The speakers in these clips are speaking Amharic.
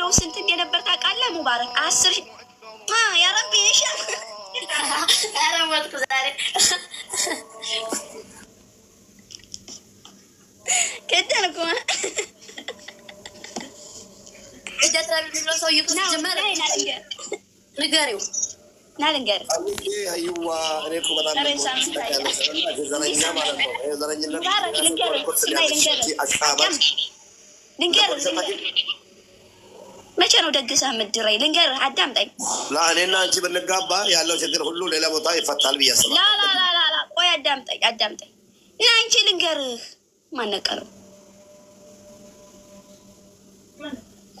ብሎ ስንት እንደነበር ታውቃለህ? ሙባረክ አስር ያረቢ ይሻል ዛሬ ከደልኩ ንገሪው ና ልንገርህ። አይዋ መቼ ነው ደግሰህ የምትድረኝ? ልንገርህ፣ አዳምጠኝ። እኔና አንቺ ብንጋባ ያለው ችግር ሁሉ ሌላ ቦታ ይፈታል ብዬ አስባለሁ። ቆይ አዳምጠኝ፣ አዳምጠኝ እና አንቺ ልንገርህ፣ ማነቀረው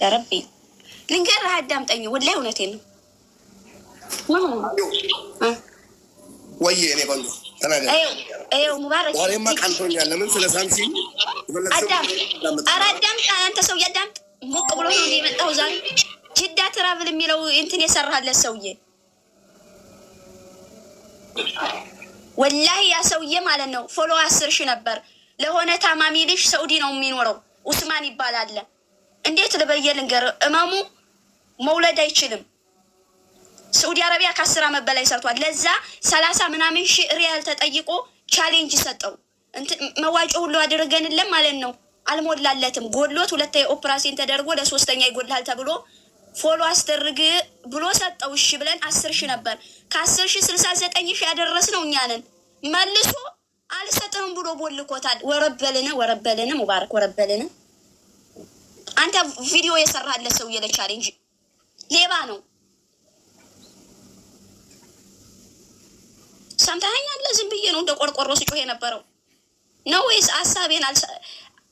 ያረቢ ልንገርህ፣ አዳምጠኝ። ወላሂ እውነቴ ነው። ወይ እኔ ቆንጆ ሙባረክ ዛሬማ ቀንቶኛል። ለምን ስለ ሳምሲ አዳምጥ፣ አንተ ሰው አዳምጥ ሞቅ ብሎ ነው የመጣው ዛሬ። ጅዳ ትራቭል የሚለው እንትን የሰራለት ሰውዬ ወላሂ ያ ሰውዬ ማለት ነው ፎሎ አስር ሺ ነበር። ለሆነ ታማሚ ልጅ ሰውዲ ነው የሚኖረው ኡስማን ይባላል። እንዴት ልበየ ልንገር፣ እመሙ መውለድ አይችልም። ሳዑዲ አረቢያ ከአስር ዓመት በላይ ሰርቷል። ለዛ ሰላሳ ምናምን ሺህ ሪያል ተጠይቆ ቻሌንጅ ሰጠው። መዋጮ ሁሉ አድርገንለን ማለት ነው አልሞላለትም ጎሎት ሁለታ ኦፕራሲን ተደርጎ ለሶስተኛ ይጎልሃል ተብሎ ፎሎ አስደርግ ብሎ ሰጠው። እሺ ብለን አስር ሺ ነበር ከአስር ሺ ስልሳ ዘጠኝ ሺ ያደረስ ነው እኛንን መልሶ አልሰጥም ብሎ ቦልኮታል። ወረበልን ወረበልን ሙባረክ ወረበልን። አንተ ቪዲዮ የሰራለ ሰው የለቻል እንጂ ሌባ ነው። ሰምተኸኛል? ዝም ብዬ ነው እንደ ቆርቆሮ ስጮህ የነበረው ነው ወይስ ሀሳቤን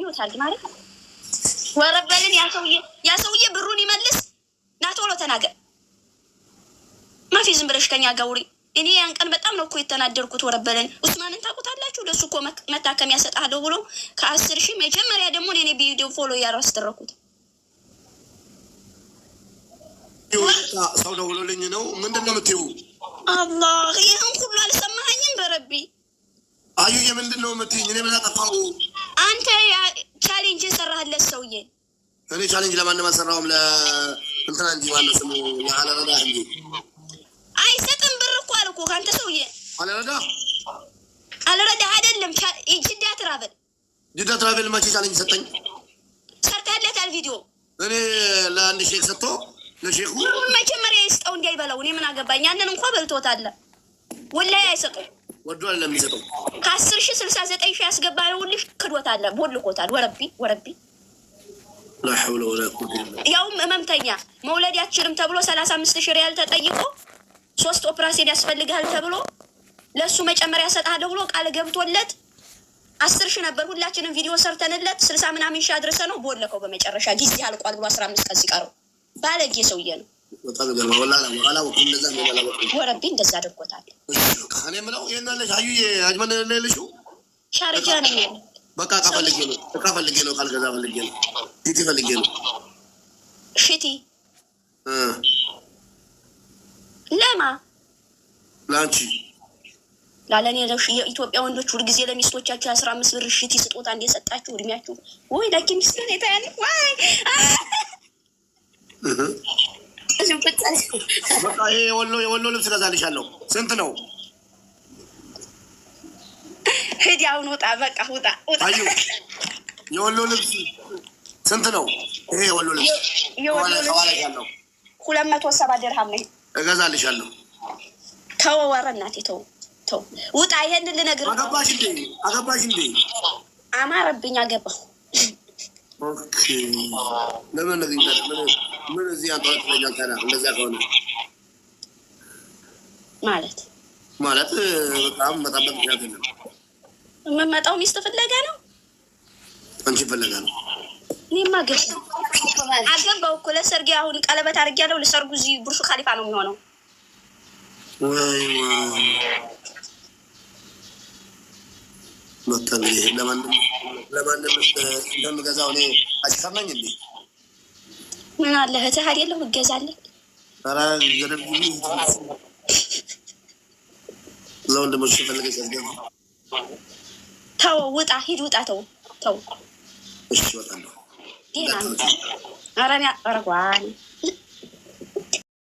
ይወታል ማለት ወረበልን ያ ሰውዬ ብሩን ይመልስ ና ቶሎ ተናገር። ማፊ ዝም ብለሽ ከኛ ጋር እኔ ያን ቀን በጣም ነው እኮ የተናደርኩት። ወረበልን ኡስማንን ታውቁታላችሁ? ለሱ እኮ መታከሚያ ሰጣለሁ ብሎ ከአስር ሺህ መጀመሪያ ደግሞ እኔ ቪዲዮ ፎሎ ያላስደረኩት ሰው ደውሎልኝ ነው። ምንድን ነው የምትይው? አላህ ይህን ሁሉ አልሰማኸኝም? በረቢ አዩ የምንድን ነው የምትይኝ? እኔ ምን አጠፋሁ? እኔ ቻሌንጅ ለማንም አልሰራሁም። ለእንትና እንጂ ማነው ስሙ አለረዳ እንጂ አይሰጥም። ብር እኮ አልኩ ከአንተ ሰውዬ አለረዳ አለረዳ አይደለም ጅዳ ትራቨል ጅዳ ትራቨል መቼ ቻሌንጅ ሰጠኝ? ሰርተህለታል ቪዲዮ እኔ ለአንድ ሼክ ሰጥቶ ለሼኩ መጀመሪያ ይስጠው እንዳይበላው እኔ ምን አገባኝ? ያንን እንኳ በልቶታል። ወላሂ አይሰጡም። ወዶ ለሚሰጠው ከአስር ሺህ ስልሳ ዘጠኝ ሺህ ያስገባ ነው ልሽ ክዶታል። ቦልኮታል። ወረቢ ወረቢ ያውም ህመምተኛ መውለድ አትችልም ተብሎ ሰላሳ አምስት ሺህ ሪያል ተጠይቆ ሶስት ኦፕራሴን ያስፈልግሃል ተብሎ ለእሱ መጨመሪያ ሰጥሃለሁ ብሎ ቃል ገብቶለት አስር ሺ ነበር። ሁላችንም ቪዲዮ ሰርተንለት ስልሳ ምናምን ሺህ አድርሰ ነው ቦለከው። በመጨረሻ ጊዜ አልቋል ብሎ አስራ አምስት ቀን ሲቀረው ባለጌ ሰውዬ ነው። ወረቤ እንደዛ አድርጎታል። ሻርጃ ነው በቃ እቃ ፈልጌ ነው፣ እቃ ፈልጌ ነው፣ ካልገዛ ፈልጌ ነው፣ ፊቲ ፈልጌ ነው። ፊቲ ለማ ለአንቺ ላለኔ የኢትዮጵያ ወንዶች ሁልጊዜ ለሚስቶቻቸው የአስራ አምስት ብር ሽቲ ስጦታ እንደሰጣችሁ እድሜያችሁ ወይ ላኪ ሚስት ሁኔታ ያለ ወይ የወሎ ልብስ ገዛልሻለሁ። ስንት ነው? ሂድ አሁን ውጣ፣ በቃ ውጣ ውጣ። የወሎ ልብስ ስንት ነው? ይሄ የወሎ ልብስ ሁለት መቶ ሰባ ድርሃም እገዛልሻለሁ። ተው እናቴ ተው ተው፣ ውጣ። ይሄን አገባሽ እንዴ? አገባሽ እንዴ? አማረብኝ፣ አገባሁ። ምን እዚህ እንደዚያ ከሆነ ማለት ማለት በጣም በጣም በጣም የምመጣው ሚስት ፍለጋ ነው። አንቺ ፍለጋ ነው። እኔማ ገ አገባው እኮ ለሰርጌ። አሁን ቀለበት አድርጌያለሁ ለሰርጉ። እዚህ ቡርሹ ካሊፋ ነው የሚሆነው። ለማንም እንደምገዛው እኔ አጭፈርነኝ እንዴ? ምን አለ እህትህ አይደለሁ እገዛለን ለወንድሞች ፈለገ ተው ውጣ፣ ሂድ ውጣ። ተው ተው፣ እሺ ወጣለሁ። ዲና አረኛ አረጓን